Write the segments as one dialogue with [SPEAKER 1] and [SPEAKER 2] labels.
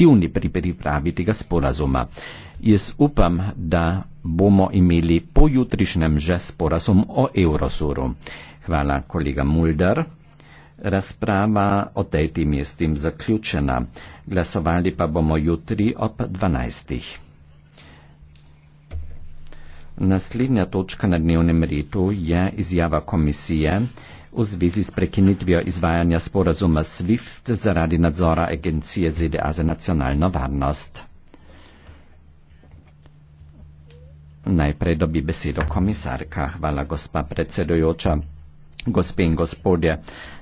[SPEAKER 1] aktivni pri pripravi tega sporazuma. Jaz upam, da bomo imeli pojutrišnjem že sporazum o Eurosuru. Hvala, kolega Mulder. Razprava o tej temi je s tem zaključena. Glasovali pa bomo jutri ob 12. Naslednja točka na dnevnem redu je izjava komisije, v zvezi s prekinitvijo izvajanja sporazuma SWIFT zaradi nadzora agencije ZDA za nacionalno varnost. Najprej dobi besedo komisarka. Hvala, gospa predsedujoča. Gospe in gospodje,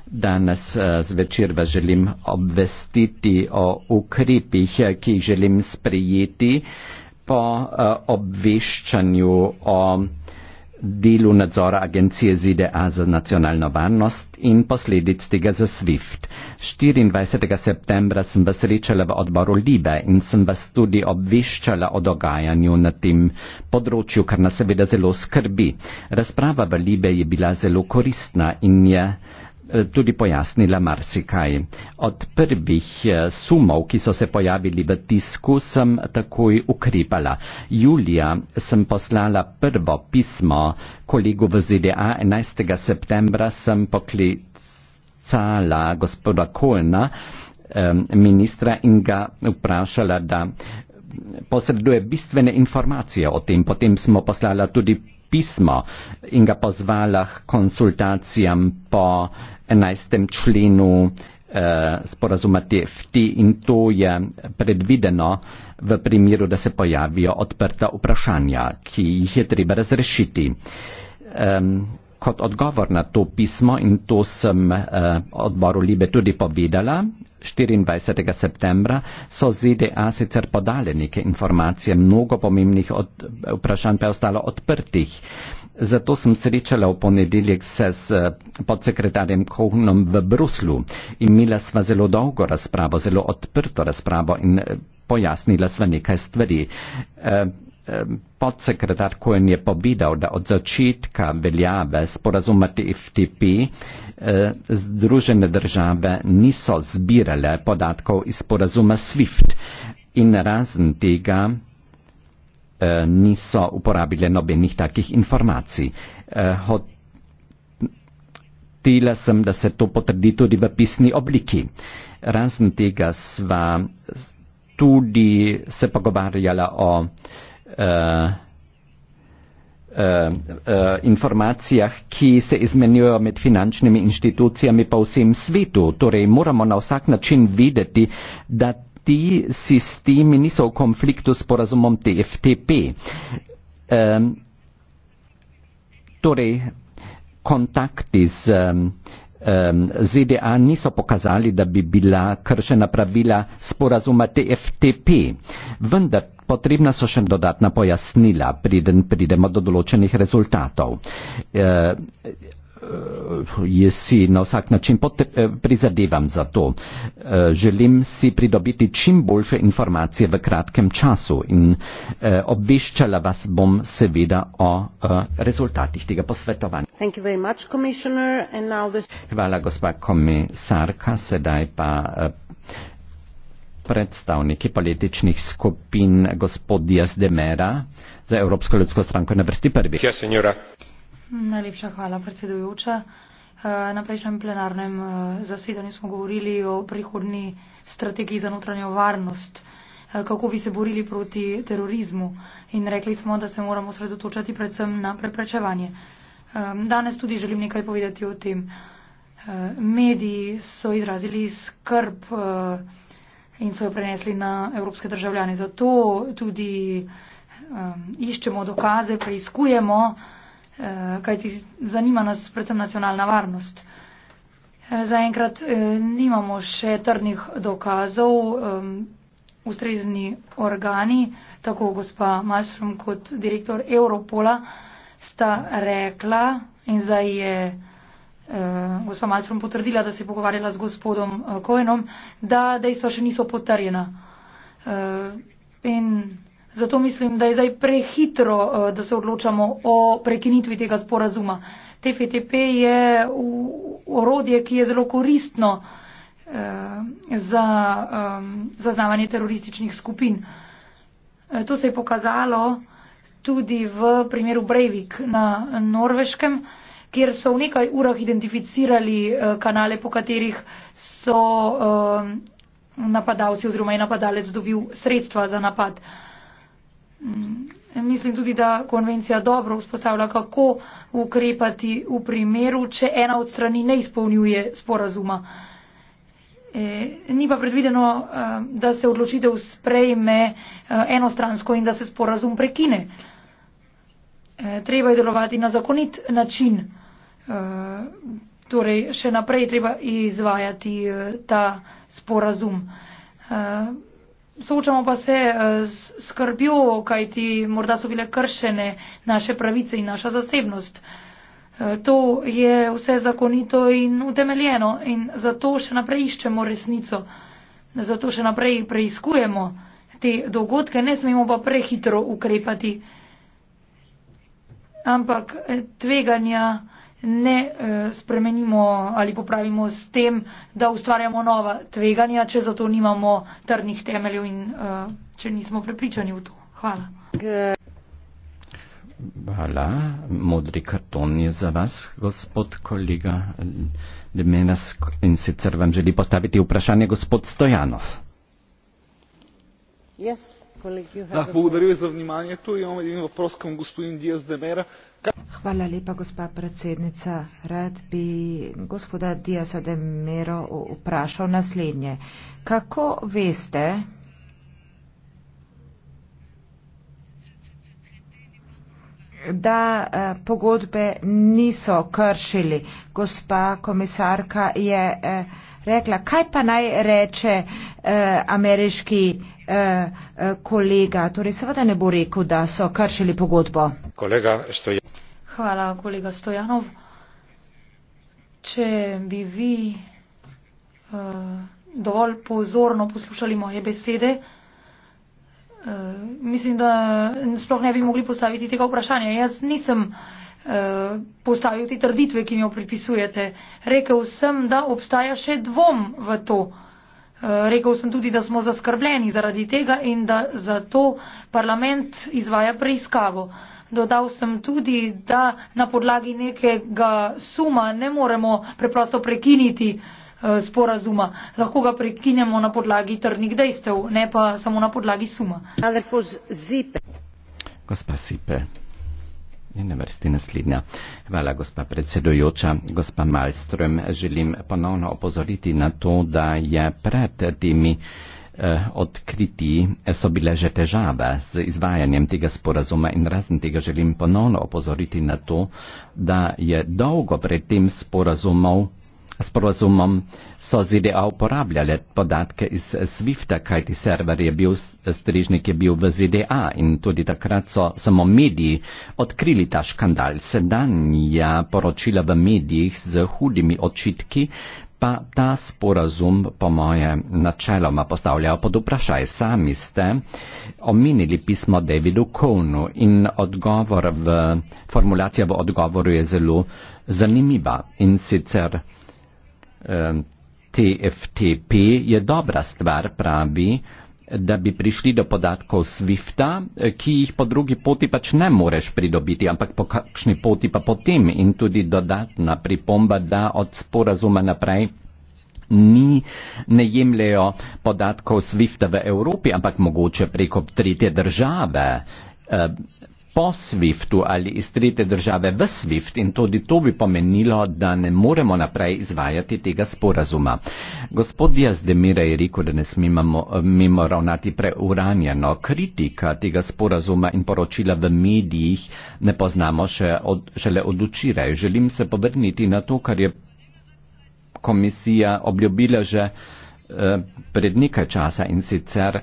[SPEAKER 1] danes eh, zvečer vas želim obvestiti o ukrepih, ki jih želim sprejeti po eh, obveščanju o delu nadzora agencije ZDA za nacionalno varnost in posledic tega za SWIFT. 24. septembra sem vas srečala v odboru Libe in sem vas tudi obveščala o dogajanju na tem področju, kar nas seveda zelo skrbi. Razprava v Libe je bila zelo koristna in je Eh, tudi pojasnila marsikaj. Od prvih eh, sumov, ki so se pojavili v tisku, sem takoj ukripala. Julija sem poslala prvo pismo kolegu v ZDA, 11. septembra sem poklicala gospoda Kolna, ministra, in ga vprašala, da posreduje bistvene informacije o tem. Potem smo poslala tudi pismo in ga pozvala k konsultacijam po 11. členu eh, sporazuma TFT in to je predvideno v primeru, da se pojavijo odprta vprašanja, ki jih je treba razrešiti. Eh, kot odgovor na to pismo in to sem eh, odboru Libe tudi povedala, 24. septembra so ZDA sicer podale neke informacije, mnogo pomembnih od, vprašanj pa je ostalo odprtih. Zato sem srečala v ponedeljek se s eh, podsekretarjem Kohnom v Bruslu in imela sva zelo dolgo razpravo, zelo odprto razpravo in eh, pojasnila sva nekaj stvari. Eh, podsekretar Cohen je povedal, da od začetka veljave sporazuma TFTP eh, Združene države niso zbirale podatkov iz sporazuma SWIFT in razen tega eh, niso uporabile nobenih takih informacij. Eh, hotela sem, da se to potrdi tudi v pisni obliki. Razen tega sva tudi se pogovarjala o Uh, informacijah, ki se izmenjujejo med finančnimi inštitucijami po vsem svetu. Torej, moramo na vsak način videti, da ti sistemi niso v konfliktu s porazumom TFTP. Um, torej, kontakti z um, ZDA niso pokazali, da bi bila kršena pravila sporazuma TFTP. Vendar potrebna so še dodatna pojasnila, preden pridemo do določenih rezultatov. Eh, jaz si na vsak način eh, prizadevam za to. Eh, želim si pridobiti čim boljše informacije v kratkem času in obveščala vas bom seveda o rezultatih tega posvetovanja.
[SPEAKER 2] Much, this...
[SPEAKER 1] Hvala, gospa komisarka. Sedaj pa predstavniki političnih skupin gospod Diaz de Mera za Evropsko ljudsko stranko na vrsti prvi. Yes, ja,
[SPEAKER 3] Najlepša hvala, predsedujoča. Eh, na prejšnjem plenarnem eh, zasedanju smo govorili o prihodni strategiji za notranjo varnost, eh, kako bi se borili proti terorizmu in rekli smo, da se moramo sredotočati predvsem na preprečevanje. Danes tudi želim nekaj povedati o tem. Mediji so izrazili skrb in so jo prenesli na evropske državljane. Zato tudi iščemo dokaze, preizkujemo, Eh, kajti zanima nas predvsem nacionalna varnost. Eh, zaenkrat eh, nimamo še trdnih dokazov, ustrezni organi, tako gospa Malstrom kot direktor Europola, sta rekla in zdaj je gospa Malstrom potrdila, da se je pogovarjala z gospodom Kojenom, da dejstva še niso potrjena. In Zato mislim, da je zdaj prehitro, eh, da se odločamo o prekinitvi tega sporazuma. TFTP je orodje, ki je zelo koristno eh, za ehm, zaznavanje terorističnih skupin. Eh, to se je pokazalo tudi v primeru Breivik na Norveškem, kjer so v nekaj urah identificirali kanale, po katerih so ehm, napadalci oziroma je napadalec dobil sredstva za napad. Mm. Mislim tudi, da konvencija dobro vzpostavlja, kako ukrepati v primeru, če ena od strani ne izpolnjuje sporazuma. E, ni pa predvideno, e, da se odločitev sprejme e, enostransko in da se sporazum prekine. E, treba je delovati na zakonit način. E, torej, še naprej treba izvajati e, ta sporazum. E, Soočamo pa se eh, s skrbjo, kaj ti morda so bile kršene naše pravice in naša zasebnost. Eh, to je vse zakonito in utemeljeno in zato še naprej iščemo resnico, zato še naprej preiskujemo te dogodke, ne smemo pa prehitro ukrepati. Ampak eh, tveganja ne eh, spremenimo ali popravimo s tem, da ustvarjamo nova tveganja, če zato nimamo trdnih temeljev in eh, če nismo prepričani v to. Hvala.
[SPEAKER 1] Hvala. Modri karton je za vas, gospod kolega Demenas. In sicer vam želi postaviti vprašanje gospod Stojanov.
[SPEAKER 2] Yes. Благодарю
[SPEAKER 3] за вниманието. Имам един въпрос към господин Диас Демера.
[SPEAKER 2] Hvala lepa, gospa predsednica. Rad bi gospoda Diasa de Mero vprašal naslednje. Kako veste, da pogodbe niso kršili? Gospa komisarka je rekla, kaj pa naj reče ameriški Eh, eh, kolega torej seveda ne bo rekel da so kršili pogodbo
[SPEAKER 3] kolega stoja
[SPEAKER 2] hvala kolega stojanov če
[SPEAKER 3] bi vi uh, dovolj pozorno poslušali moje besede Uh, mislim, da sploh ne bi mogli postaviti tega vprašanja. Jaz nisem uh, postavil te trditve, ki mi jo pripisujete. Rekel sem, da obstaja še dvom v to. Uh, Eh, Rekl sem tudi, da smo zaskrbljeni zaradi tega in da zato parlament izvaja preiskavo. Dodal sem tudi, da na podlagi nekega suma ne moremo preprosto prekiniti eh, sporazuma. Lahko ga prekinemo na podlagi trdnih dejstev, ne pa samo na podlagi suma.
[SPEAKER 1] Gospa Sipe. Je na vrsti naslednja. Hvala, gospa predsedujoča. Gospa Malström, želim ponovno opozoriti na to, da je pred temi eh, odkriti eh, so bile že težave z izvajanjem tega sporazuma in razen tega želim ponovno opozoriti na to, da je dolgo pred tem sporazumov sporozumom so ZDA uporabljale podatke iz SWIFT-a, kajti server je bil, strežnik je bil v ZDA in tudi takrat so samo mediji odkrili ta škandal. Sedanja poročila v medijih z hudimi očitki pa ta sporazum po moje načeloma postavljajo pod vprašaj. Sami ste omenili pismo Davidu Kovnu in odgovor v, formulacija v odgovoru je zelo zanimiva in sicer TFTP je dobra stvar, pravi, da bi prišli do podatkov SWIFT-a, eh, ki jih po drugi poti pač ne moreš pridobiti, ampak po kakšni poti pa potem in tudi dodatna pripomba, da od sporazuma naprej ni, ne jemljajo podatkov SWIFT-a v Evropi, ampak mogoče preko tretje države po SWIFT-u ali iz tretje države v SWIFT in tudi to bi pomenilo, da ne moremo naprej izvajati tega sporazuma. Gospod Diaz de Mira je rekel, da ne smemo eh, mimo ravnati preuranjeno. Kritika tega sporazuma in poročila v medijih ne poznamo še od, šele od včeraj. Želim se povrniti na to, kar je komisija obljubila že eh, pred nekaj časa in sicer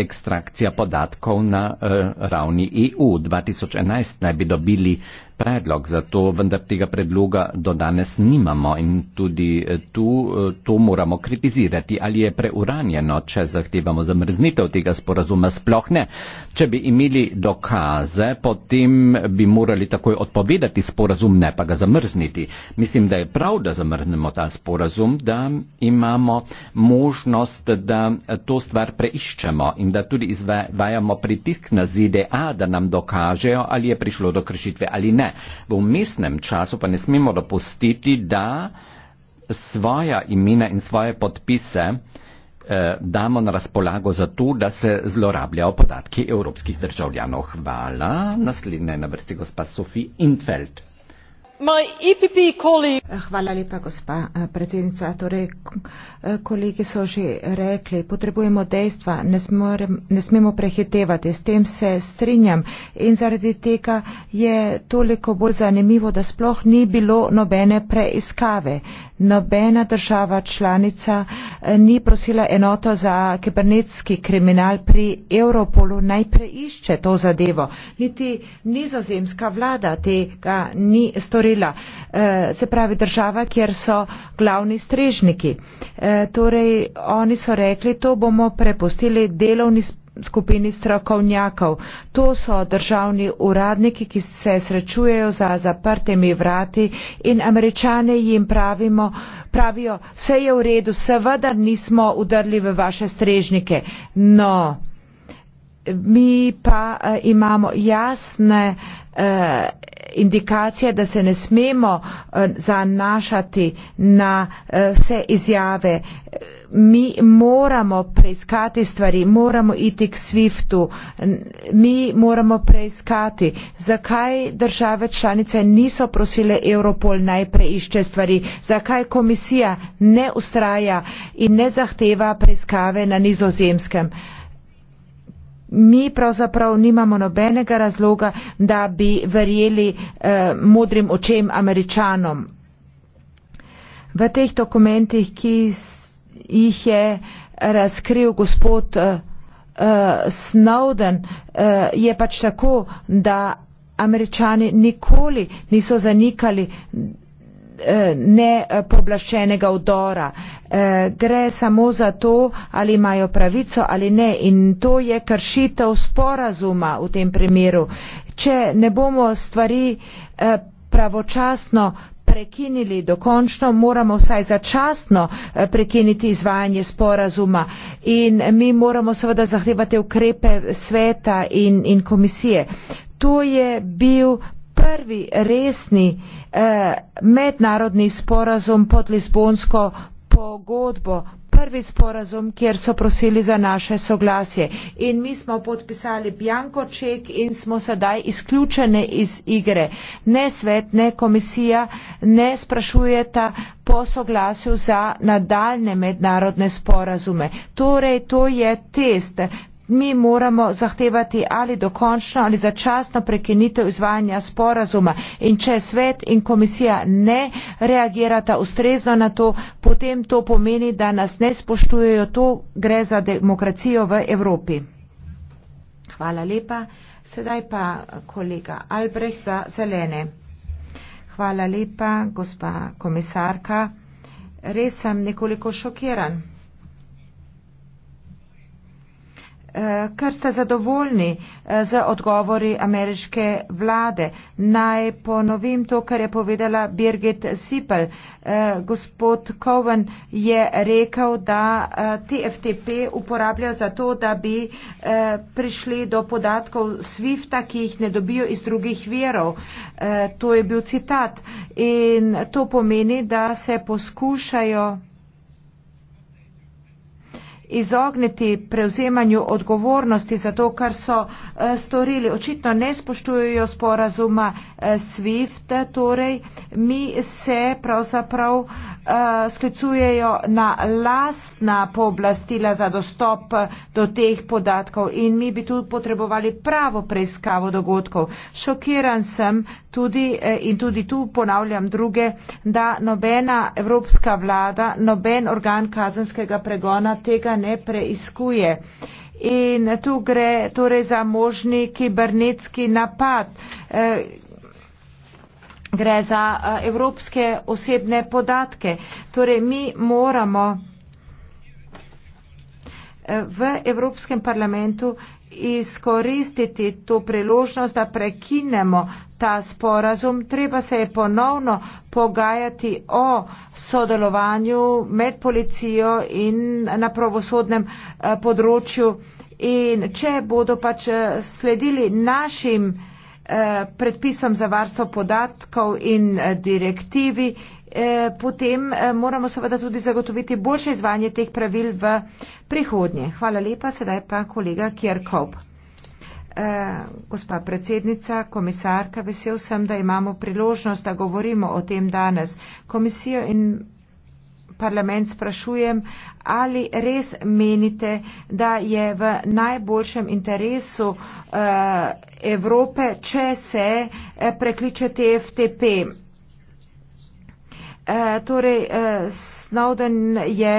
[SPEAKER 1] ekstrakcija podatkov na eh, ravni EU. 2011 naj bi dobili predlog za to, vendar tega predloga do danes nimamo in tudi eh, tu eh, to moramo kritizirati. Ali je preuranjeno, če zahtevamo zamrznitev tega sporazuma? Sploh ne. Če bi imeli dokaze, potem bi morali takoj odpovedati sporazum, ne pa ga zamrzniti. Mislim, da je prav, da zamrznemo ta sporazum, da imamo možnost, da to stvar preiščemo in da tudi izvajamo pritisk na ZDA, da nam dokažejo, ali je prišlo do kršitve ali ne. V umestnem času pa ne smemo dopustiti, da svoja imena in svoje podpise eh, damo na razpolago za to, da se zlorabljajo podatki evropskih državljanov. Hvala. Naslednja je na vrsti gospa Sofi Infeld.
[SPEAKER 2] E eh, hvala lepa, gospa eh, predsednica. Torej, eh, kolegi so že rekli, potrebujemo dejstva, ne, smorem, ne smemo prehitevati. S tem se strinjam in zaradi tega je toliko bolj zanimivo, da sploh ni bilo nobene preiskave nobena država članica eh, ni prosila enoto za kibernetski kriminal pri Europolu naj preišče to zadevo. Niti nizozemska vlada tega ni storila, eh, se pravi država, kjer so glavni strežniki. Eh, torej, oni so rekli, to bomo prepustili delovni skupini strokovnjakov. To so državni uradniki, ki se srečujejo za zaprtimi vrati in američane jim pravimo, pravijo, vse je v redu, seveda nismo udrli v vaše strežnike. No, mi pa eh, imamo jasne eh, indikacije, da se ne smemo eh, zanašati na vse izjave mi moramo preiskati stvari, moramo iti k SWIFT-u, mi moramo preiskati, zakaj države članice niso prosile Europol najprej išče stvari, zakaj komisija ne ustraja in ne zahteva preiskave na nizozemskem. Mi pravzaprav nimamo nobenega razloga, da bi verjeli eh, modrim očem američanom. V teh dokumentih, ki jih je eh, razkril gospod uh, Snowden, uh, je pač tako, da američani nikoli niso zanikali ne poblaščenega vdora. Gre samo za to, ali imajo pravico ali ne. In to je kršitev sporazuma v tem primeru. Če ne bomo stvari pravočasno prekinili dokončno moramo vsaj začasno eh, prekiniti izvajanje sporazuma in mi moramo seveda zahtevati ukrepe sveta in, in komisije. To je bil prvi resni eh, mednarodni sporazum pod Lisbonsko pogodbo prvi sporazum, kjer so prosili za naše soglasje. In mi smo podpisali bjanko ček in smo sedaj izključene iz igre. Ne svet, ne komisija ne sprašujeta po soglasju za nadaljne mednarodne sporazume. Torej, to je test, mi moramo zahtevati ali dokončno ali začasno prekinitev izvajanja sporazuma in če svet in komisija ne reagirata ustrezno na to, potem to pomeni, da nas ne spoštujejo, to gre za demokracijo v Evropi. Hvala lepa. Sedaj pa kolega Albreh za zelene. Hvala lepa, gospa komisarka. Res sem nekoliko šokiran. Eh, ker ste zadovoljni eh, z odgovori ameriške vlade. Naj ponovim to, kar je povedala Birgit Sipel. Eh, gospod Cohen je rekel, da TFTP uporablja za to, da bi prišli do podatkov SWIFT-a, ki jih ne dobijo iz drugih verov. To je bil citat. In to pomeni, da se poskušajo izogniti prevzemanju odgovornosti za to, kar so eh, storili. Očitno ne spoštujejo sporazuma eh, SWIFT, torej mi se pravzaprav eh, sklicujejo na lastna pooblastila za dostop do teh podatkov in mi bi tu potrebovali pravo preiskavo dogodkov. Šokiran sem tudi in tudi tu ponavljam druge, da nobena evropska vlada, noben organ kazenskega pregona tega ne preiskuje. In tu gre torej za možni kibernetski napad. E, gre za e, evropske osebne podatke. Torej mi moramo e, v Evropskem parlamentu izkoristiti to priložnost, da prekinemo ta sporazum. Treba se je ponovno pogajati o sodelovanju med policijo in na pravosodnem eh, področju. In če bodo pač eh, sledili našim eh, predpisom za varstvo podatkov in direktivi, Eh, potem eh, moramo seveda tudi zagotoviti boljše izvanje teh pravil v prihodnje. Hvala lepa, sedaj pa kolega Kjerkov. Eh, gospa predsednica, komisarka, vesel sem, da imamo priložnost, da govorimo o tem danes. Komisijo in parlament sprašujem, ali res menite, da je v najboljšem interesu Evrope, če se prekliče TFTP. Eh, torej, eh, Snowden je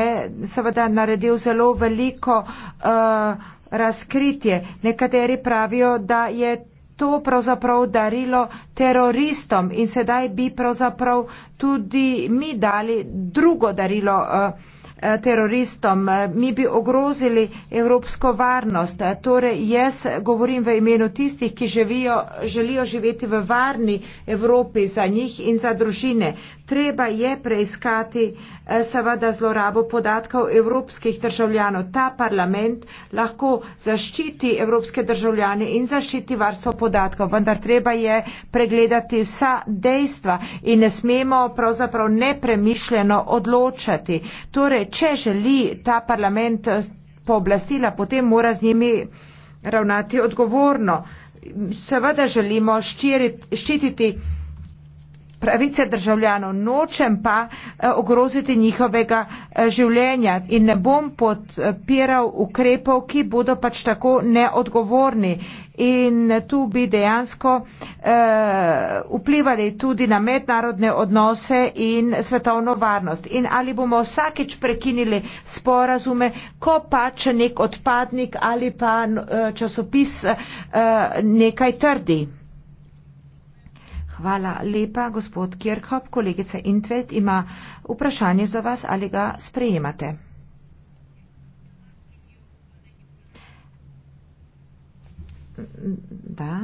[SPEAKER 2] seveda naredil zelo veliko eh, razkritje. Nekateri pravijo, da je to pravzaprav darilo teroristom in sedaj bi pravzaprav tudi mi dali drugo darilo. Uh, Eh, teroristom. Mi bi ogrozili evropsko varnost. Torej, jaz govorim v imenu tistih, ki živijo, želijo živeti v varni Evropi za njih in za družine. Treba je preiskati eh, seveda zlorabo podatkov evropskih državljanov. Ta parlament lahko zaščiti evropske državljane in zaščiti varstvo podatkov, vendar treba je pregledati vsa dejstva in ne smemo pravzaprav nepremišljeno odločati. Torej, če želi ta parlament pooblastila, potem mora z njimi ravnati odgovorno. Seveda želimo ščiriti, ščititi pravice državljanov, nočem pa eh, ogroziti njihovega eh, življenja in ne bom podpiral ukrepov, ki bodo pač tako neodgovorni. In tu bi dejansko eh, vplivali tudi na mednarodne odnose in svetovno varnost. In ali bomo vsakeč prekinili sporazume, ko pač nek odpadnik ali pa eh, časopis eh, nekaj trdi. Hvala lepa, gospod Kirchhoff. Kolegica Intvelt ima vprašanje za vas, ali ga sprejemate. Da.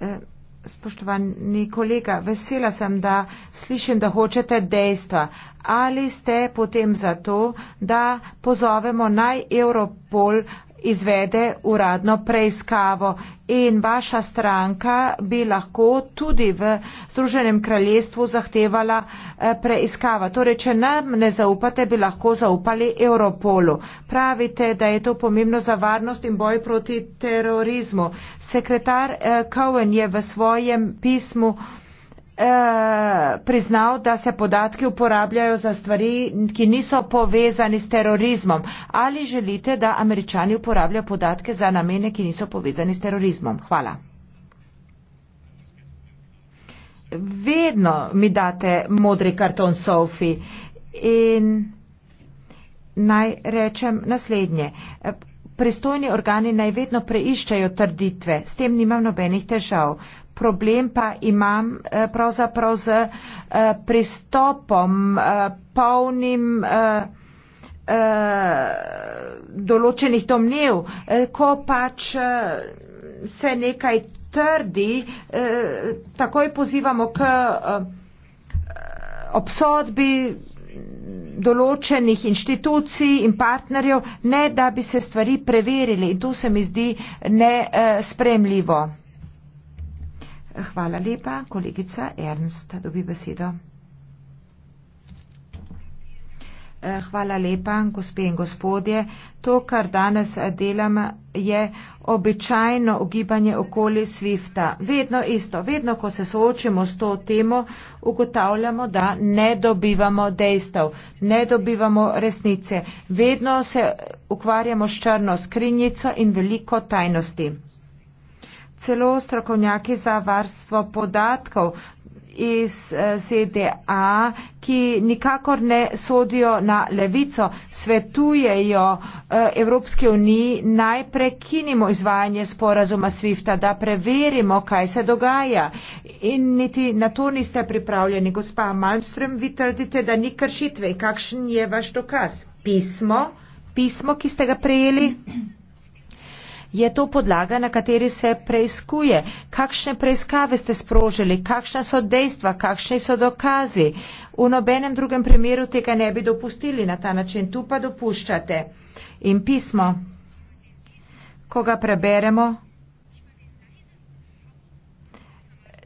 [SPEAKER 2] Eh, spoštovani kolega, vesela sem, da slišim, da hočete dejstva. Ali ste potem za to, da pozovemo naj Europol izvede uradno preiskavo in vaša stranka bi lahko tudi v Združenem kraljestvu zahtevala eh, preiskava. Torej, če nam ne zaupate, bi lahko zaupali Europolu. Pravite, da je to pomembno za varnost in boj proti terorizmu. Sekretar eh, Cohen je v svojem pismu Eh, priznal, da se podatki uporabljajo za stvari, ki niso povezani s terorizmom. Ali želite, da američani uporabljajo podatke za namene, ki niso povezani s terorizmom? Hvala. Vedno mi date modri karton Sofi in naj rečem naslednje pristojni organi naj vedno preiščajo trditve, s tem nimam nobenih težav. Problem pa imam eh, pravzaprav z eh, pristopom, eh, polnim eh, eh, določenih domnev, eh, ko pač eh, se nekaj trdi, eh, takoj pozivamo k eh, obsodbi, določenih inštitucij in partnerjev, ne da bi se stvari preverili. In to se mi zdi nespremljivo. Hvala lepa, kolegica Ernst, da dobi besedo. Eh, hvala lepa, gospe in gospodje. To, kar danes eh, delam, je običajno ogibanje okoli Swifta. Vedno isto, vedno, ko se soočimo s to temo, ugotavljamo, da ne dobivamo dejstev, ne dobivamo resnice. Vedno se ukvarjamo s črno skrinjico in veliko tajnosti. Celo strokovnjaki za varstvo podatkov iz ZDA, eh, ki nikakor ne sodijo na levico, svetujejo eh, Evropske unije naj prekinimo izvajanje sporazuma SWIFT-a, da preverimo, kaj se dogaja. In niti na to niste pripravljeni. Gospa Malmström, vi trdite, da ni kršitve. Kakšen je vaš dokaz? Pismo, pismo, ki ste ga prejeli? je to podlaga, na kateri se preizkuje, kakšne preiskave ste sprožili, kakšna so dejstva, kakšni so dokazi. V nobenem drugem primeru tega ne bi dopustili na ta način, tu pa dopuščate. In pismo, ko ga preberemo,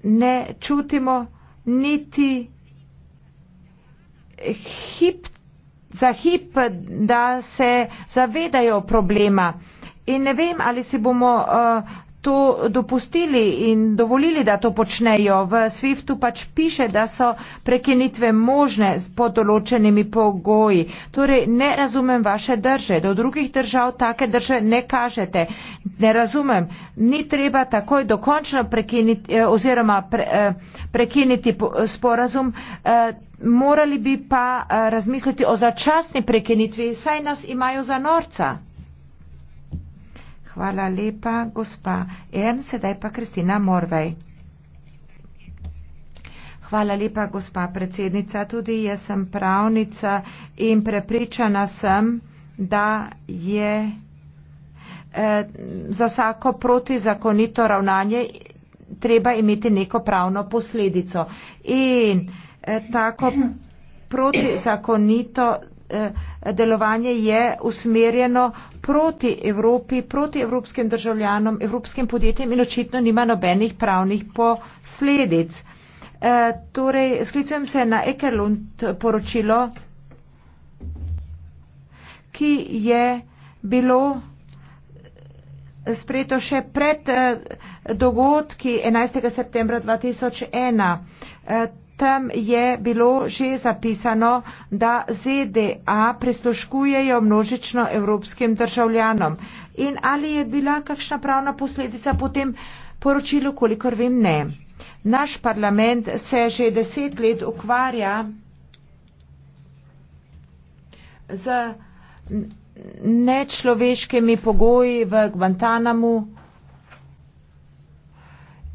[SPEAKER 2] ne čutimo niti hip, za hip, da se zavedajo problema. In ne vem, ali si bomo eh, to dopustili in dovolili, da to počnejo. V SWIFT-u pač piše, da so prekinitve možne pod določenimi pogoji. Torej, ne razumem vaše drže. Do drugih držav take drže ne kažete. Ne razumem. Ni treba takoj dokončno prekiniti eh, oziroma eh, prekiniti sporazum. Morali bi pa razmisliti o začasni prekinitvi, saj nas imajo za norca. Hvala lepa, gospa En, sedaj pa Kristina Morvej. Hvala lepa, gospa predsednica. Tudi jaz sem pravnica in prepričana sem, da je eh, za vsako protizakonito ravnanje treba imeti neko pravno posledico. In eh, tako protizakonito Eh, delovanje je usmerjeno proti Evropi, proti evropskim državljanom, evropskim podjetjem in očitno nima nobenih pravnih posledic. Eh, torej, sklicujem se na Ekerlund poročilo, ki je bilo sprejeto še pred eh, dogodki 11. septembra 2001 tam je bilo že zapisano, da ZDA prisluškujejo množično evropskim državljanom. In ali je bila kakšna pravna posledica po tem poročilu, kolikor vem, ne. Naš parlament se že deset let ukvarja z nečloveškimi pogoji v Guantanamu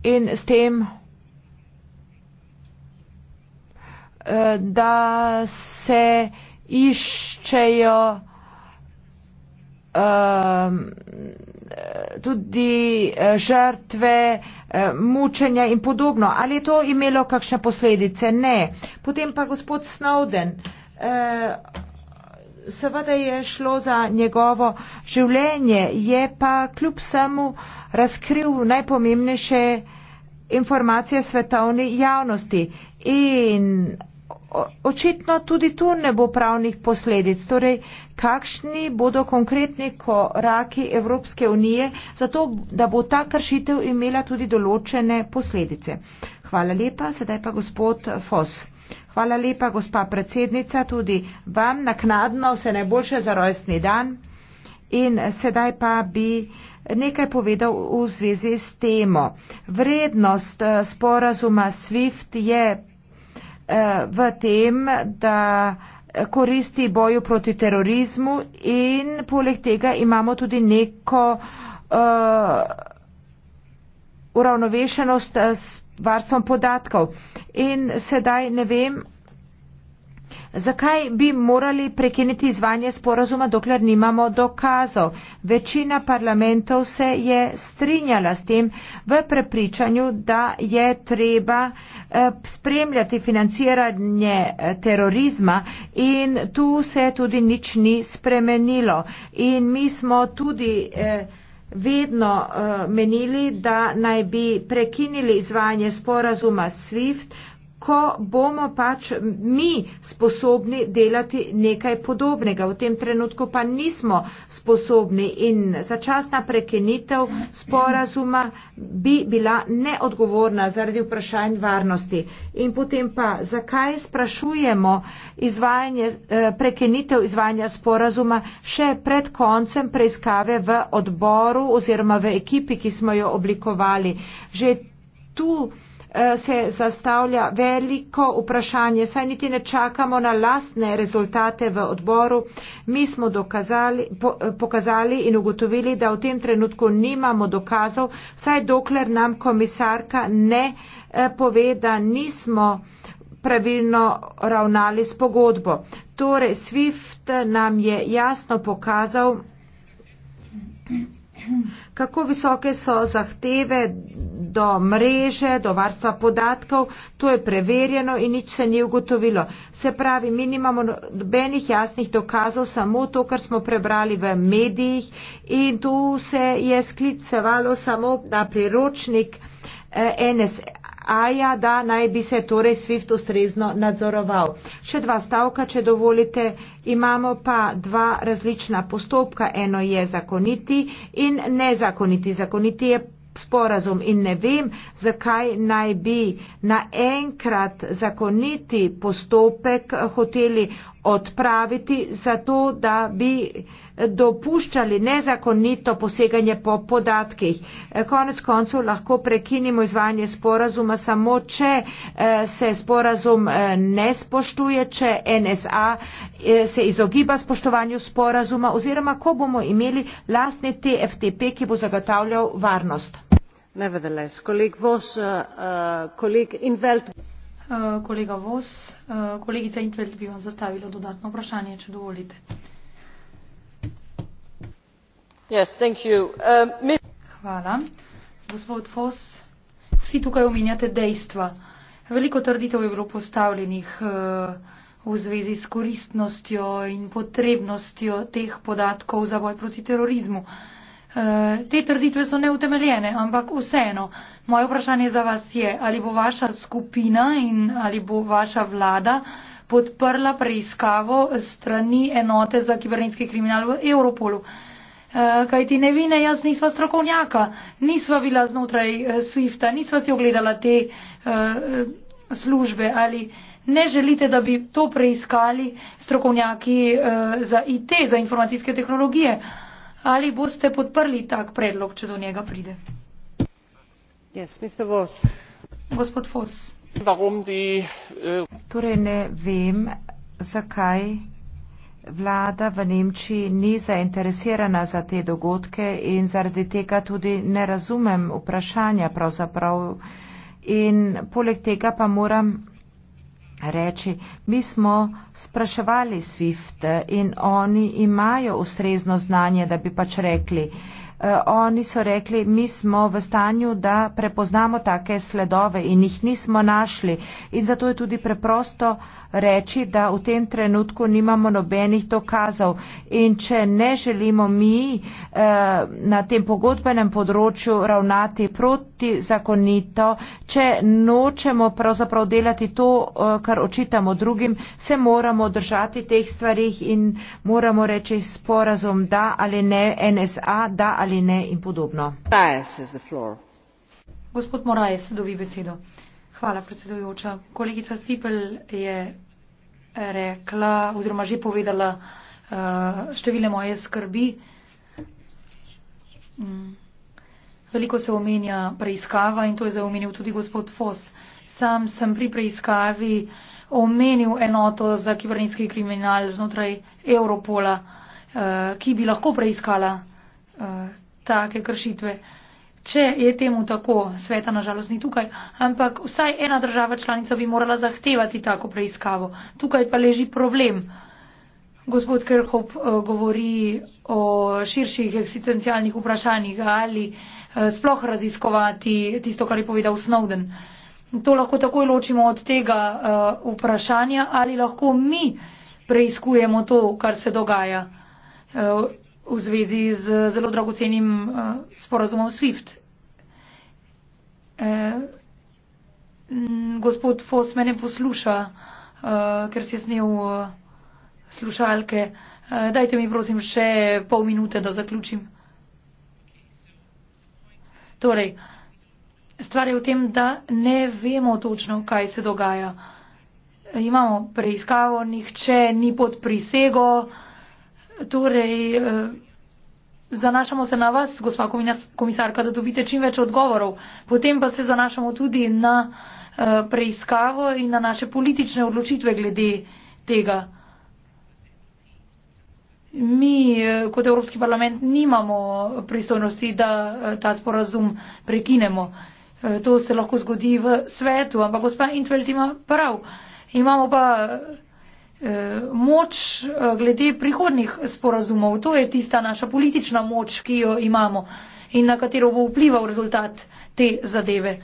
[SPEAKER 2] in s tem da se iščejo um, tudi eh, žrtve eh, mučenja in podobno. Ali je to imelo kakšne posledice? Ne. Potem pa gospod Snowden. Eh, seveda je šlo za njegovo življenje, je pa kljub samo razkril najpomembnejše informacije svetovni javnosti. In očitno tudi tu ne bo pravnih posledic. Torej, kakšni bodo konkretni koraki Evropske unije, zato da bo ta kršitev imela tudi določene posledice. Hvala lepa, sedaj pa gospod Fos. Hvala lepa, gospa predsednica, tudi vam naknadno vse najboljše za rojstni dan. In sedaj pa bi nekaj povedal v zvezi s temo. Vrednost eh, sporazuma SWIFT je eh, v tem, da koristi boju proti terorizmu in poleg tega imamo tudi neko eh, uravnovešenost eh, s varstvom podatkov. In sedaj ne vem, Zakaj bi morali prekiniti izvanje sporazuma, dokler nimamo dokazov? Večina parlamentov se je strinjala s tem v prepričanju, da je treba eh, spremljati financiranje eh, terorizma in tu se tudi nič ni spremenilo. In mi smo tudi eh, vedno menili, da naj bi prekinili izvanje sporazuma SWIFT ko bomo pač mi sposobni delati nekaj podobnega. V tem trenutku pa nismo sposobni in začasna prekenitev sporazuma bi bila neodgovorna zaradi vprašanj varnosti. In potem pa, zakaj sprašujemo izvajanje, eh, prekenitev izvajanja sporazuma še pred koncem preiskave v odboru oziroma v ekipi, ki smo jo oblikovali. Že tu Eh, se zastavlja veliko vprašanje. Saj niti ne čakamo na lastne rezultate v odboru. Mi smo dokazali, po, eh, pokazali in ugotovili, da v tem trenutku nimamo dokazov, saj dokler nam komisarka ne eh, pove, da nismo pravilno ravnali s pogodbo. Torej, SWIFT nam je jasno pokazal, Kako visoke so zahteve do mreže, do varstva podatkov, to je preverjeno in nič se ni ugotovilo. Se pravi, mi nimamo nobenih jasnih dokazov, samo to, kar smo prebrali v medijih in tu se je sklicevalo samo na priročnik. Eh, NSA, e a ja, da naj bi se torej SWIFT ustrezno nadzoroval. Še dva stavka, če dovolite, imamo pa dva različna postopka. Eno je zakoniti in nezakoniti. Zakoniti je sporazum in ne vem, zakaj naj bi naenkrat zakoniti postopek hoteli odpraviti zato, da bi dopuščali nezakonito poseganje po podatkih. Eh, konec koncev lahko prekinimo izvajanje sporazuma samo, če eh, se sporazum eh, ne spoštuje, če NSA se izogiba spoštovanju sporazuma oziroma, ko bomo imeli lastni TFTP, ki bo zagotavljal varnost. Nevertheless, kolik vos, uh, kolik invelt...
[SPEAKER 3] Eh, kolega Vos. Eh, kolegica Intveld bi vam zastavila dodatno vprašanje, če dovolite.
[SPEAKER 2] Yes, thank you. Um,
[SPEAKER 3] Hvala. Gospod Vos, vsi tukaj omenjate dejstva. Veliko trditev je bilo postavljenih v zvezi s koristnostjo in potrebnostjo teh podatkov za boj proti terorizmu. Uh, Eh, te trditve so neutemeljene, ampak vseeno, moje vprašanje za vas je, ali bo vaša skupina in ali bo vaša vlada podprla preiskavo strani enote za kibernetski kriminal v Europolu. Eh, Kaj ti ne vine, jaz nisva strokovnjaka, nisva bila znotraj eh, SWIFT-a, nisva si ogledala te službe ali ne želite, da bi to preiskali strokovnjaki za IT, za informacijske tehnologije. Ali boste podprli tak predlog, če do njega pride? Yes,
[SPEAKER 2] Gospod Fos. Äh, torej ne vem, zakaj vlada v Nemčiji ni zainteresirana za te dogodke in zaradi tega tudi ne razumem vprašanja pravzaprav. In poleg tega pa moram reči, mi smo spraševali Swift eh, in oni imajo ustrezno znanje, da bi pač rekli, uh, Eh, oni so rekli, mi smo v stanju, da prepoznamo take sledove in jih nismo našli. In zato je tudi preprosto reči, da v tem trenutku nimamo nobenih dokazov. In če ne želimo mi eh, na tem pogodbenem področju ravnati proti zakonito, če nočemo pravzaprav delati to, eh, kar očitamo drugim, se moramo držati teh stvarih in moramo reči sporazum da ali ne NSA, da ali ne ali ne in podobno.
[SPEAKER 3] Gospod Moraes, dobi besedo. Hvala, predsedujoča. Kolegica Sipel je rekla oziroma že povedala eh, številne moje skrbi. Mm. Veliko se omenja preiskava in to je zaomenil tudi gospod Fos. Sam sem pri preiskavi omenil enoto za kibernetski kriminal znotraj Europola, eh, ki bi lahko preiskala uh, take kršitve. Če je temu tako, sveta nažalost ni tukaj, ampak vsaj ena država članica bi morala zahtevati tako preiskavo. Tukaj pa leži problem. Gospod Kerhop uh, govori o širših eksistencialnih vprašanjih ali uh, sploh raziskovati tisto, kar je povedal Snowden. To lahko takoj ločimo od tega uh, vprašanja, ali lahko mi preiskujemo to, kar se dogaja. Uh, v zvezi z zelo dragocenim uh, sporazumom SWIFT. Eh, gospod Fos mene posluša, eh, ker si je snil eh, slušalke. Eh, dajte mi, prosim, še pol minute, da zaključim. Torej, stvar je v tem, da ne vemo točno, kaj se dogaja. Imamo preiskavo, nihče ni pod prisego. Eh, Torej, eh, zanašamo se na vas, gospa komisarka, da dobite čim več odgovorov. Potem pa se zanašamo tudi na eh, preiskavo in na naše politične odločitve glede tega. Mi eh, kot Evropski parlament nimamo pristojnosti, da ta sporazum prekinemo. To se lahko zgodi v svetu, ampak gospa Intveld ima prav. Imamo pa moč eh, glede prihodnih sporazumov. To je tista naša politična moč, ki jo imamo in na katero bo vplival rezultat te zadeve.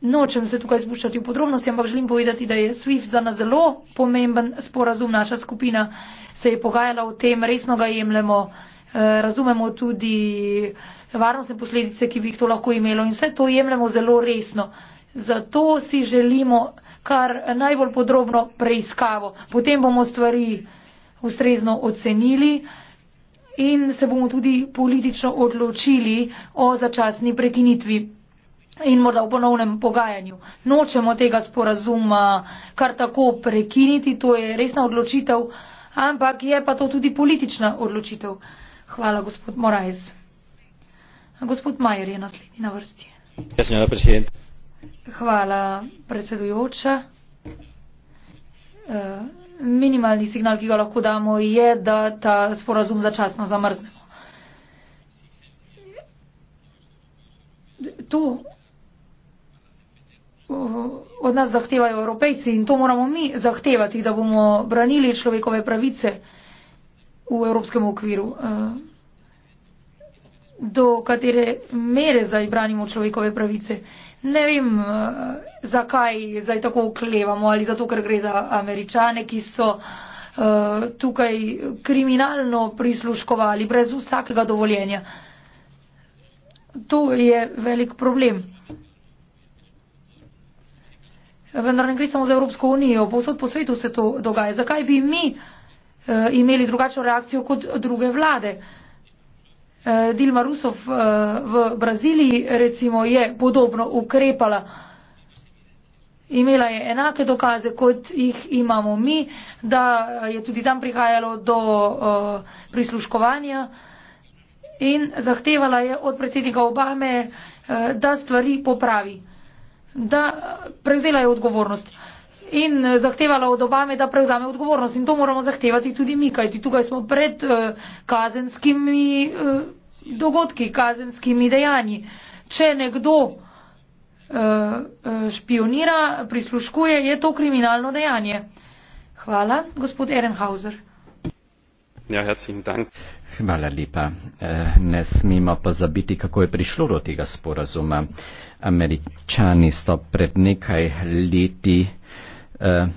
[SPEAKER 3] Nočem se tukaj spuščati v podrobnosti, ampak želim povedati, da je SWIFT za nas zelo pomemben sporazum. Naša skupina se je pogajala o tem, resno ga jemljemo, eh, razumemo tudi varnostne posledice, ki bi jih to lahko imelo in vse to jemljemo zelo resno. Zato si želimo kar najbolj podrobno preiskavo. Potem bomo stvari ustrezno ocenili in se bomo tudi politično odločili o začasni prekinitvi in morda v ponovnem pogajanju. Nočemo tega sporazuma kar tako prekiniti, to je resna odločitev, ampak je pa to tudi politična odločitev. Hvala, gospod Moraes. Gospod Majer je naslednji na vrsti. Ja, Hvala, predsedujoča. Eh, minimalni signal, ki ga lahko damo, je, da ta sporazum začasno zamrznemo. To eh, od nas zahtevajo evropejci in to moramo mi zahtevati, da bomo branili človekove pravice v evropskem okviru. Eh, do katere mere zdaj branimo človekove pravice? Ne vem, eh, zakaj zdaj tako oklevamo, ali zato, ker gre za američane, ki so uh, tukaj kriminalno prisluškovali brez vsakega dovoljenja. To je velik problem. Vendar ne gre samo za Evropsko unijo, posod po svetu se to dogaja. Zakaj bi mi uh, imeli drugačno reakcijo kot druge vlade? Uh, Eh, Dilma Rusov eh, v Braziliji recimo je podobno ukrepala. Imela je enake dokaze, kot jih imamo mi, da eh, je tudi tam prihajalo do prisluškovanja in zahtevala je od predsednika Obame, da stvari popravi, da prevzela je odgovornost in zahtevala od Obame, da prevzame odgovornost. In to moramo zahtevati tudi mi, kajti tukaj smo pred kazenskimi dogodki, kazenskimi dejanji. Če nekdo eh, eh, špionira, prisluškuje, je to kriminalno dejanje. Hvala, gospod Ehrenhauser.
[SPEAKER 1] Ja, herzlichen Dank. Hvala lepa. Eh, ne smemo pozabiti, kako je prišlo do tega sporazuma. Američani so pred nekaj leti. Uh,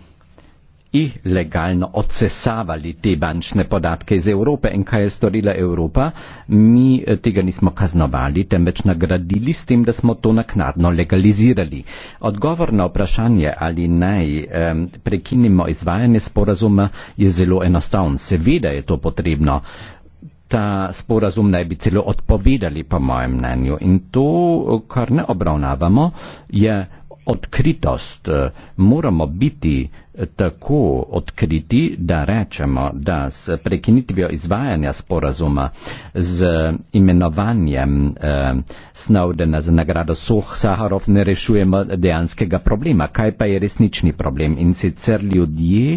[SPEAKER 1] jih legalno odsesavali te bančne podatke iz Evrope in kaj je storila Evropa, mi eh, tega nismo kaznovali, temveč nagradili s tem, da smo to naknadno legalizirali. Odgovor na vprašanje, ali naj um, prekinimo izvajanje sporazuma, je zelo enostaven. Seveda je to potrebno. Ta sporazum naj bi celo odpovedali, po mojem mnenju. In to, kar ne obravnavamo, je odkritost. Eh, moramo biti tako odkriti, da rečemo, da s prekinitvijo izvajanja sporazuma z imenovanjem eh, Snowdena za nagrado Soh Saharov ne rešujemo dejanskega problema. Kaj pa je resnični problem? In sicer ljudje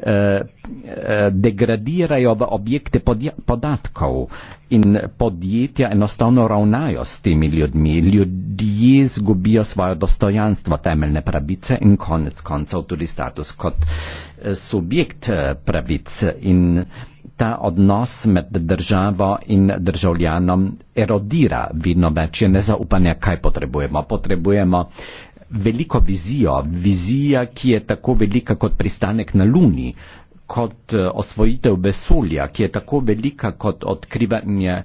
[SPEAKER 1] eh, eh degradirajo v objekte podja, podatkov in podjetja enostavno ravnajo s temi ljudmi. Ljudje zgubijo svoje dostojanstvo, temeljne pravice in konec koncev tudi status kot eh, subjekt eh, pravic in ta odnos med državo in državljanom erodira vedno več je nezaupanja, kaj potrebujemo. Potrebujemo veliko vizijo, vizija, ki je tako velika kot pristanek na Luni, kot eh, osvojitev vesolja, ki je tako velika kot odkrivanje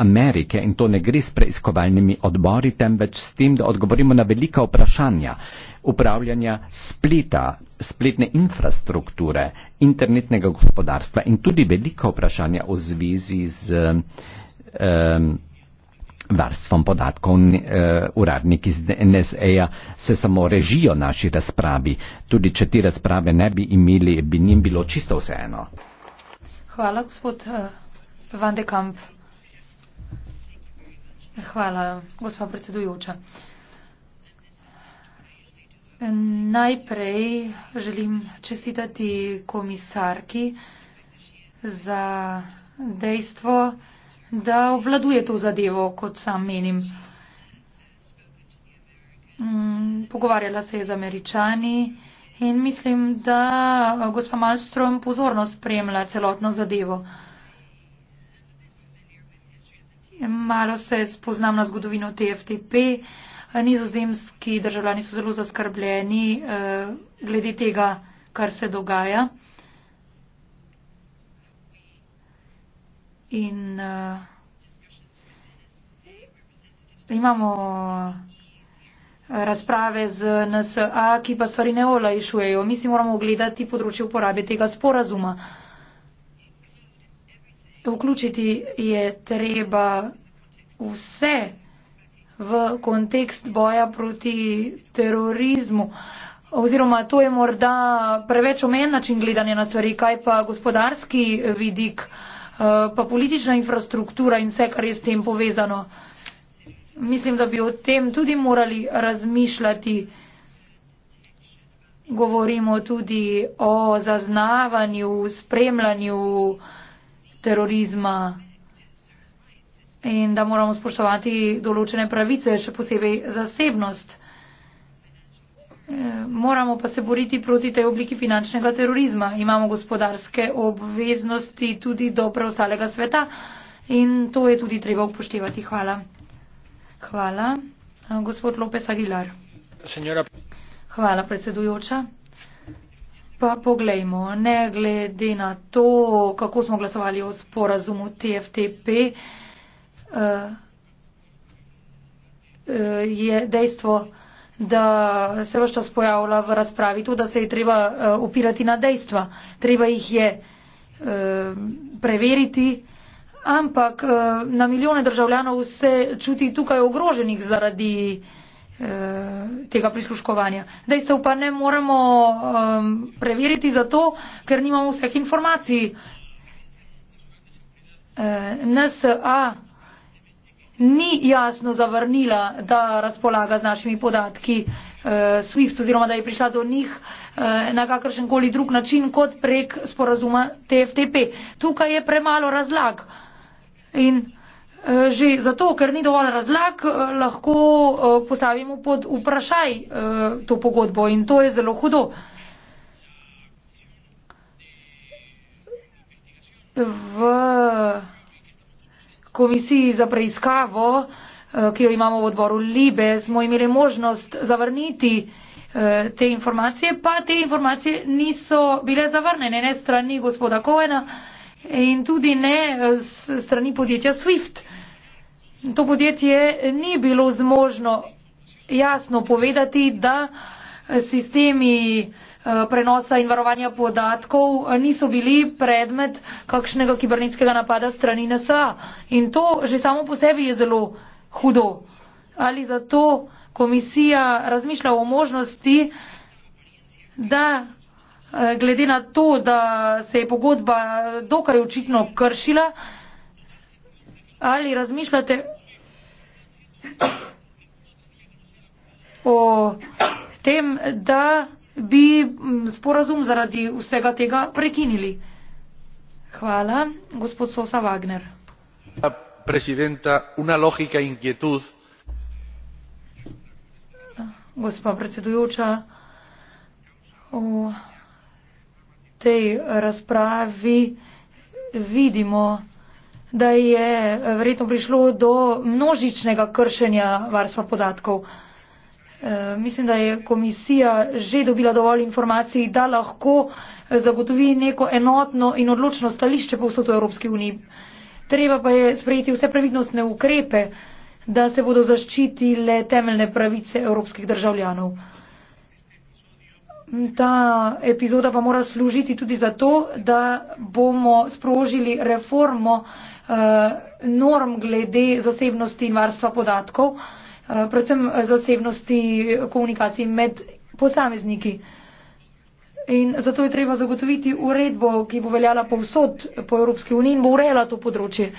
[SPEAKER 1] Amerike in to ne gre s preiskovalnimi odbori, temveč s tem, da odgovorimo na velika vprašanja upravljanja spleta, spletne infrastrukture, internetnega gospodarstva in tudi velika vprašanja v zvezi z um, varstvom podatkov. Uh, e, uradniki z NSA se samo režijo naši razpravi. Tudi če te razprave ne bi imeli, bi njim bilo čisto vseeno.
[SPEAKER 3] Hvala, gospod uh, Van de Kamp. Hvala, gospa predsedujoča. Najprej želim čestitati komisarki za dejstvo, da obvladuje to zadevo, kot sam menim. Pogovarjala se je z američani in mislim, da gospa Malstrom pozorno spremlja celotno zadevo. Malo se spoznam na zgodovino TFTP. Nizozemski državljani so zelo zaskrbljeni eh, glede tega, kar se dogaja. In uh, imamo eh, razprave z NSA, ki pa stvari ne olajšujejo. Mi si moramo ogledati področje uporabe tega sporazuma. Uh, vključiti je treba vse v kontekst boja proti terorizmu. Oziroma, to je morda preveč omen način gledanja na stvari, kaj pa gospodarski vidik, eh, pa politična infrastruktura in vse, kar je s tem povezano. Mislim, da bi o tem tudi morali razmišljati. Govorimo tudi o zaznavanju, spremljanju, uh, terorizma in da moramo spoštovati določene pravice, še posebej zasebnost. Eh, moramo pa se boriti proti tej obliki finančnega terorizma. Imamo gospodarske obveznosti tudi do preostalega sveta in to je tudi treba upoštevati. Hvala. Hvala. Eh, gospod Lopes Aguilar. Hvala, predsedujoča. Pa poglejmo, ne glede na to, kako smo glasovali o sporazumu TFTP, eh, eh, je dejstvo, da se vse čas pojavlja v razpravi to, da se je treba eh, upirati na dejstva. Treba jih je preveriti, ampak na milijone državljanov se čuti tukaj ogroženih zaradi. Eh, tega prisluškovanja. Dejstev pa ne moremo um, preveriti zato, ker nimamo vseh informacij. E, eh, NSA ni jasno zavrnila, da razpolaga z našimi podatki e, SWIFT oziroma da je prišla do njih e, na kakršen koli drug način kot prek sporazuma TFTP. Tukaj je premalo razlag. In Eh, že zato, ker ni dovolj razlag, eh, lahko eh, postavimo pod vprašaj to pogodbo in to je zelo hudo. V komisiji za preiskavo, ki jo imamo v odboru Libe, smo imeli možnost zavrniti te informacije, pa te informacije niso bile zavrnene ne strani gospoda Kojena in tudi ne strani podjetja SWIFT. To podjetje ni bilo zmožno jasno povedati, da sistemi eh, prenosa in varovanja podatkov eh, niso bili predmet kakšnega kibernetskega napada strani NSA. In to že samo po sebi je zelo hudo. Ali zato komisija razmišlja o možnosti, da eh, glede na to, da se je pogodba dokaj očitno kršila, ali razmišljate o tem, da bi sporazum zaradi vsega tega prekinili. Hvala, gospod Sosa Wagner. Ja, presidenta, una logika inquietud. Gospa predsedujoča, v tej razpravi vidimo, da je eh, verjetno prišlo do množičnega kršenja varstva podatkov. Eh, mislim, da je komisija že dobila dovolj informacij, da lahko eh, zagotovi neko enotno in odločno stališče povsod v Evropski uniji. Treba pa je sprejeti vse previdnostne ukrepe, da se bodo zaščitile temeljne pravice evropskih državljanov. Ta epizoda pa mora služiti tudi za to, da bomo sprožili reformo Eh, norm glede zasebnosti in varstva podatkov, eh, predvsem eh, zasebnosti komunikacij med posamezniki. In zato je treba zagotoviti uredbo, ki bo veljala povsod po Evropski uniji in bo urejala to področje.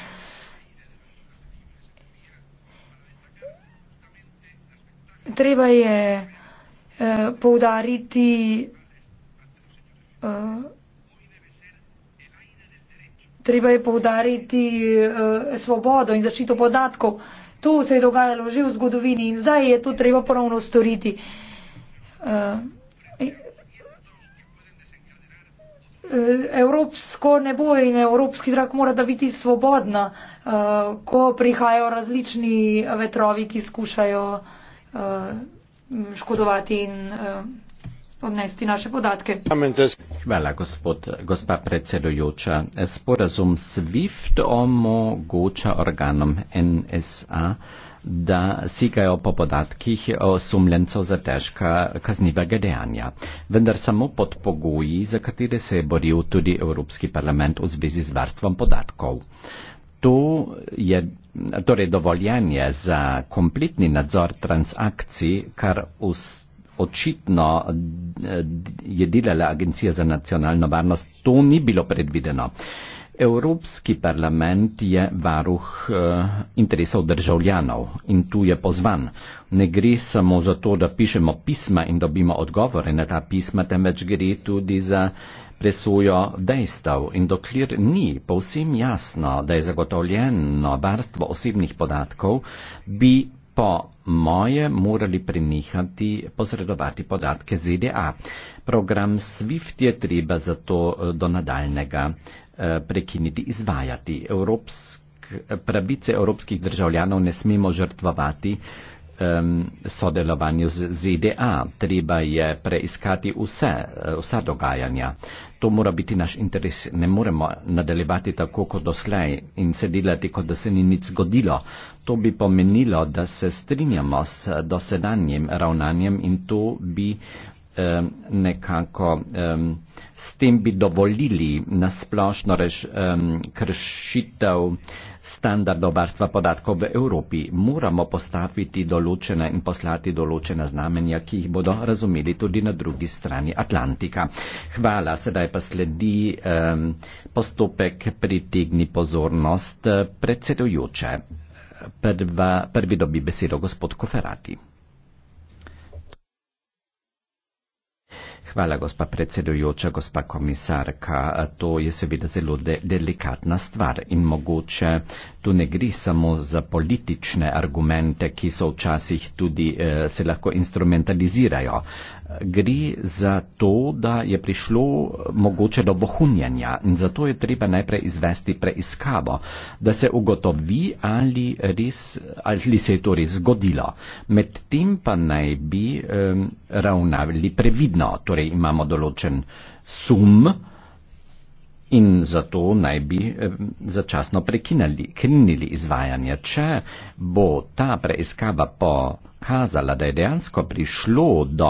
[SPEAKER 3] Treba je eh, poudariti. Eh, treba je povdariti eh, svobodo in zaščito podatkov. To se je dogajalo že v zgodovini in zdaj je to treba ponovno storiti. Eh, eh, evropsko nebo in evropski zrak mora da biti svobodna, eh, ko prihajajo različni vetrovi, ki skušajo škodovati in odnesti naše podatke.
[SPEAKER 1] Hvala, gospod, gospa predsedujoča. Sporazum SWIFT omogoča organom NSA, da sigajo po podatkih osumljencov za težka kaznivega dejanja, vendar samo pod pogoji, za katere se je boril tudi Evropski parlament v zvezi z varstvom podatkov. To je torej dovoljenje za kompletni nadzor transakcij, kar ustavlja očitno eh, je delala Agencija za nacionalno varnost. To ni bilo predvideno. Evropski parlament je varuh eh, interesov državljanov in tu je pozvan. Ne gre samo za to, da pišemo pisma in dobimo odgovore na ta pisma, temveč gre tudi za presojo dejstev in dokler ni povsem jasno, da je zagotovljeno varstvo osebnih podatkov, bi po moje morali prenehati posredovati podatke ZDA. Program SWIFT je treba zato eh, do nadaljnega eh, prekiniti izvajati. Evropsk, pravice evropskih državljanov ne smemo žrtvovati ehm, sodelovanju z ZDA. Treba je preiskati vse, eh, vsa dogajanja. To mora biti naš interes. Ne moremo nadaljevati tako kot doslej in se delati, kot da se ni nič zgodilo. To bi pomenilo, da se strinjamo s dosedanjem ravnanjem in to bi eh, nekako eh, s tem bi dovolili na splošno reš, eh, kršitev. Eh, standardov varstva podatkov v Evropi, moramo postaviti določene in poslati določene znamenja, ki jih bodo razumeli tudi na drugi strani Atlantika. Hvala, sedaj pa sledi um, postopek pritegni pozornost predsedujoče. Prva, prvi dobi besedo gospod Koferati. Hvala, gospa predsedujoča, gospa komisarka. To je seveda zelo de delikatna stvar in mogoče tu ne gre samo za politične argumente, ki so včasih tudi eh, se lahko instrumentalizirajo. Eh, gre za to, da je prišlo mogoče do bohunjanja in zato je treba najprej izvesti preiskavo, da se ugotovi, ali, res, ali se je to res zgodilo. Medtem pa naj bi eh, ravnavili previdno, torej imamo določen sum, eh, in zato naj bi eh, začasno prekinali, krinili izvajanje. Če bo ta preiskava pokazala, da je dejansko prišlo do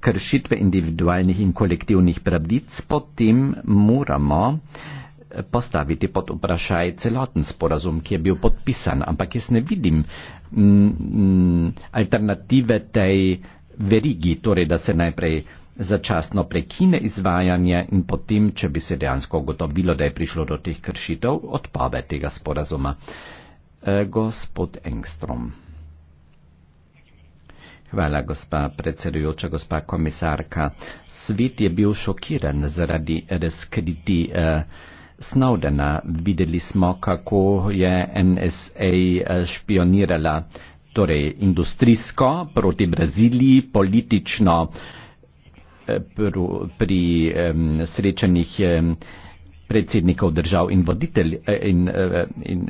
[SPEAKER 1] kršitve individualnih in kolektivnih pravic, potem moramo eh, postaviti pod vprašaj celoten sporazum, ki je bil podpisan. Ampak jaz ne vidim mm, mm, alternative tej verigi, torej da se najprej začasno prekine izvajanje in potem, če bi se dejansko ugotovilo, da je prišlo do teh kršitev, odpave tega sporazuma. E, gospod Engstrom. Hvala, gospa predsedujoča, gospa komisarka. Svet je bil šokiran zaradi razkriti e, Snowdena. Videli smo, kako je NSA e, špionirala, torej industrijsko proti Braziliji, politično pri srečanjih predsednikov držav in voditelj eh, in, eh, in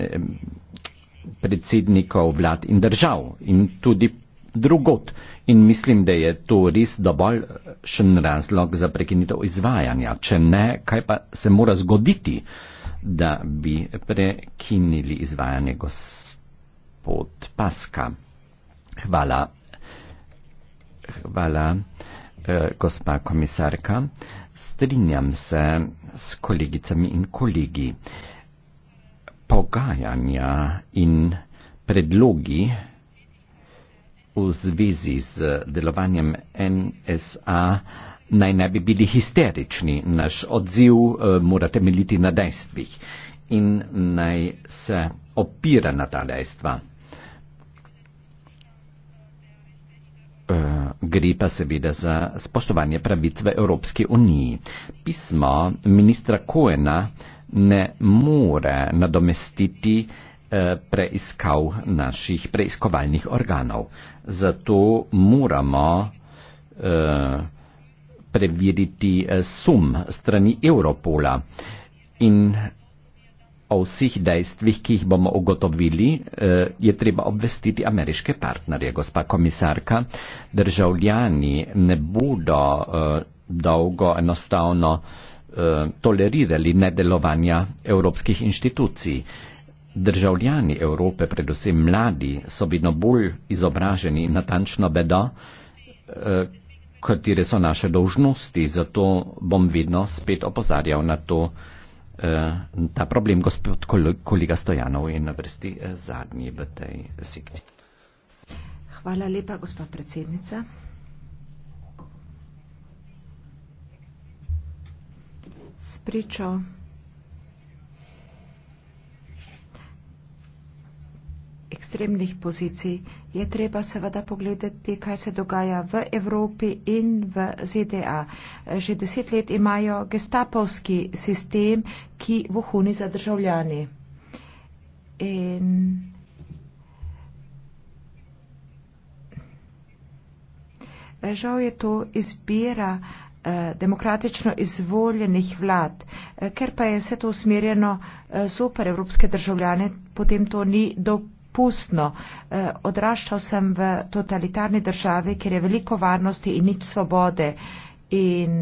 [SPEAKER 1] predsednikov vlad in držav in tudi drugot. In mislim, da je to res dovolj šen razlog za prekinitev izvajanja. Če ne, kaj pa se mora zgoditi, da bi prekinili izvajanje gospod Paska? Hvala. Hvala. Eh, gospa komisarka, strinjam se s kolegicami in kolegi. Pogajanja in predlogi v zvezi z delovanjem NSA naj ne bi bili histerični. Naš odziv uh, mora temeljiti na dejstvih in naj se opira na ta dejstva. Eh, gre pa seveda za spoštovanje pravic v Evropski uniji. Pismo ministra Koena ne more nadomestiti eh, preiskav naših preiskovalnih organov. Zato moramo eh, preveriti sum strani Europola in o vseh dejstvih, ki jih bomo ugotovili, eh, je treba obvestiti ameriške partnerje, gospa komisarka. Državljani ne bodo eh, dolgo enostavno eh, tolerirali nedelovanja evropskih inštitucij. Državljani Evrope, predvsem mladi, so vedno bolj izobraženi in natančno vedo, katere so naše dožnosti, zato bom vedno spet opozarjal na to, Eh, ta problem, gospod kolega Stojanov je na vrsti eh, zadnji v tej sekciji.
[SPEAKER 2] Hvala lepa, gospod predsednica. Spričo ekstremnih pozicij, je treba seveda pogledati, kaj se dogaja v Evropi in v ZDA. Že deset let imajo gestapovski sistem, ki vohuni za državljani. In žal je to izbira eh, demokratično izvoljenih vlad, eh, ker pa je vse to usmerjeno super eh, evropske državljane, potem to ni dopustno pustno. Eh, odraščal sem v totalitarni državi, kjer je veliko varnosti in nič svobode in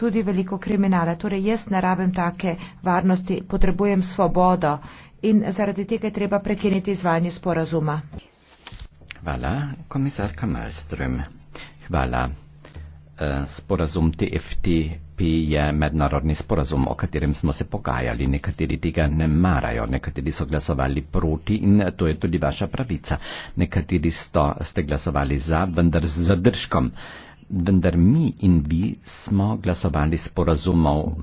[SPEAKER 2] tudi veliko kriminala. Torej jaz ne rabim take varnosti, potrebujem svobodo in zaradi tega je treba prekiniti izvajanje sporazuma.
[SPEAKER 1] Hvala, komisarka Malström. Hvala. Eh, sporazum TFTP je mednarodni sporazum, o katerem smo se pogajali. Nekateri tega ne marajo, nekateri so glasovali proti in to je tudi vaša pravica. Nekateri sto, ste glasovali za, vendar z zadržkom. Uh, vendar mi in vi smo glasovali sporazumov,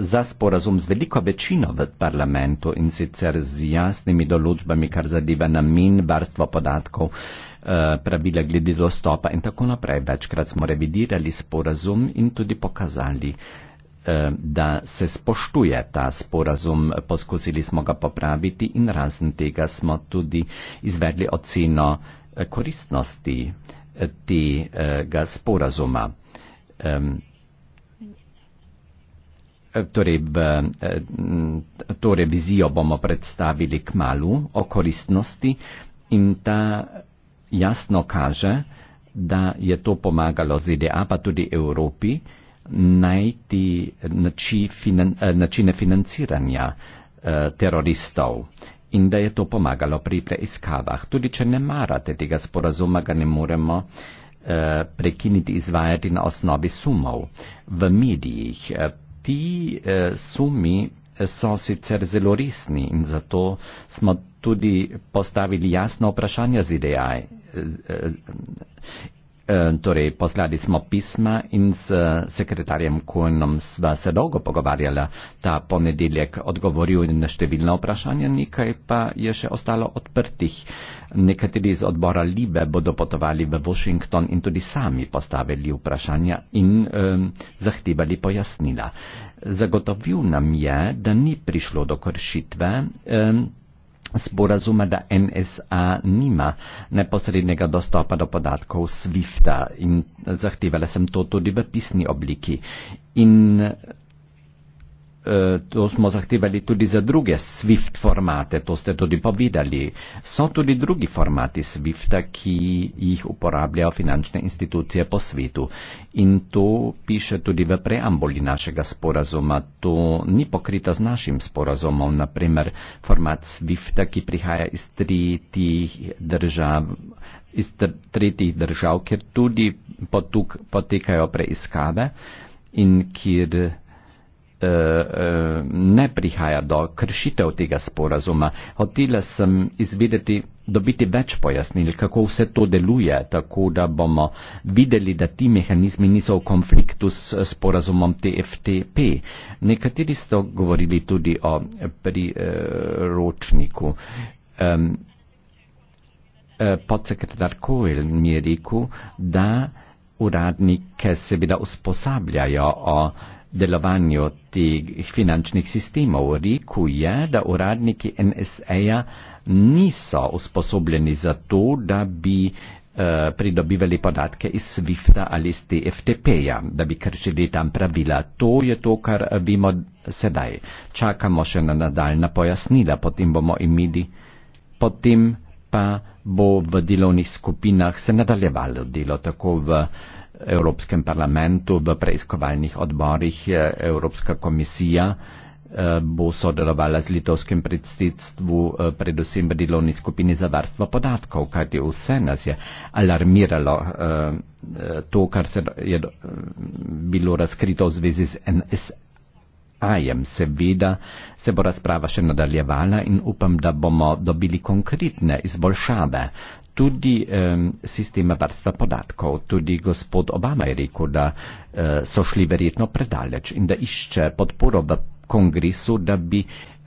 [SPEAKER 1] za sporazum z veliko večino v parlamentu in sicer z jasnimi določbami, kar zadeva namen, varstvo podatkov, eh, pravila glede dostopa in tako naprej. Večkrat smo revidirali sporazum in tudi pokazali, eh, da se spoštuje ta sporazum, poskusili smo ga popraviti in razen tega smo tudi izvedli oceno eh, koristnosti tega sporazuma. Torej, v, eh, to revizijo bomo predstavili k malu o koristnosti in ta jasno kaže, da je to pomagalo ZDA, pa tudi Evropi, najti način, eh, načine financiranja eh, teroristov in da je to pomagalo pri preiskavah. Tudi če ne marate tega sporazuma, ga ne moremo eh, prekiniti izvajati na osnovi sumov v medijih. Eh, ti eh, sumi eh, so sicer zelo resni in zato smo tudi postavili jasno vprašanje z IDEA. Eh, Eh, torej poslali smo pisma in s eh, sekretarjem Kuenom sva se dolgo pogovarjala. Ta ponedeljek odgovoril na številna vprašanja, nekaj pa je še ostalo odprtih. Nekateri iz odbora Libe bodo potovali v Washington in tudi sami postavili vprašanja in um, zahtevali pojasnila. Zagotovil nam je, da ni prišlo do kršitve. Um, sporazuma, da NSA nima neposrednega dostopa do podatkov SWIFT-a in zahtevala sem to tudi v pisni obliki. In Eh, to smo zahtevali tudi za druge SWIFT formate, to ste tudi povedali. So tudi drugi formati SWIFT-a, ki jih uporabljajo finančne institucije po svetu. In to piše tudi v preambuli našega sporazuma. To ni pokrito z našim sporazumom. Naprimer, format SWIFT-a, ki prihaja iz tretjih držav iz tretjih držav, kjer tudi potuk, potekajo preiskave in kjer Eh, eh, ne prihaja do kršitev tega sporazuma. Hotela sem izvedeti, dobiti več pojasnil, kako vse to deluje, tako da bomo videli, da ti mehanizmi niso v konfliktu s sporazumom TFTP. Nekateri ste govorili tudi o priročniku. Eh, podsekretar Kohl mi je rekel, da uradnike seveda usposabljajo o delovanju tih finančnih sistemov. Rekl je, da uradniki NSA-ja niso usposobljeni za to, da bi eh, pridobivali podatke iz SWIFT-a ali iz TFTP-ja, da bi kršili tam pravila. To je to, kar vemo sedaj. Čakamo še na nadaljna pojasnila, potem bomo imeli, potem pa bo v delovnih skupinah se nadaljevalo delo tako v uh, Evropskem parlamentu, v preiskovalnih odborih Evropska komisija eh, bo sodelovala z litovskim predsedstvom, eh, predvsem v delovni skupini za varstvo podatkov, kajti vse nas je alarmiralo eh, to, kar se je bilo razkrito v zvezi z NSA-jem. Seveda se bo razprava še nadaljevala in upam, da bomo dobili konkretne izboljšave tudi um, sistema varstva podatkov. Tudi gospod Obama je rekel, da uh, so šli verjetno predaleč in da išče podporo v kongresu, da bi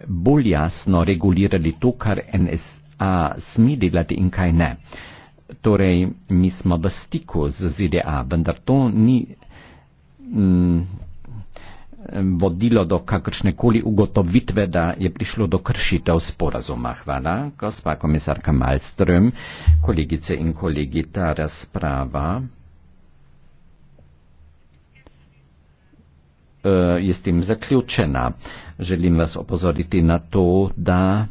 [SPEAKER 1] bolj jasno regulirali to, kar NSA sme delati in kaj ne. Torej, mi smo v stiku z ZDA, vendar to ni. Mm, vodilo do kakršne koli ugotovitve, da je prišlo do kršitev sporazuma. Hvala, gospa komisarka Malström, kolegice in kolegi, ta razprava e, je s tem zaključena. Želim vas opozoriti na to, da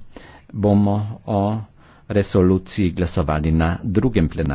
[SPEAKER 1] bomo o resoluciji glasovali na drugem plenarju.